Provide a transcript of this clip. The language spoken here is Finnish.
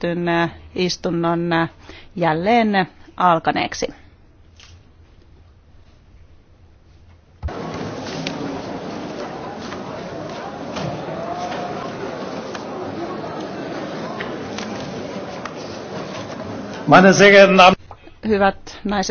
pidetyn äh, istunnon äh, jälleen alkaneeksi. Hyvät naiset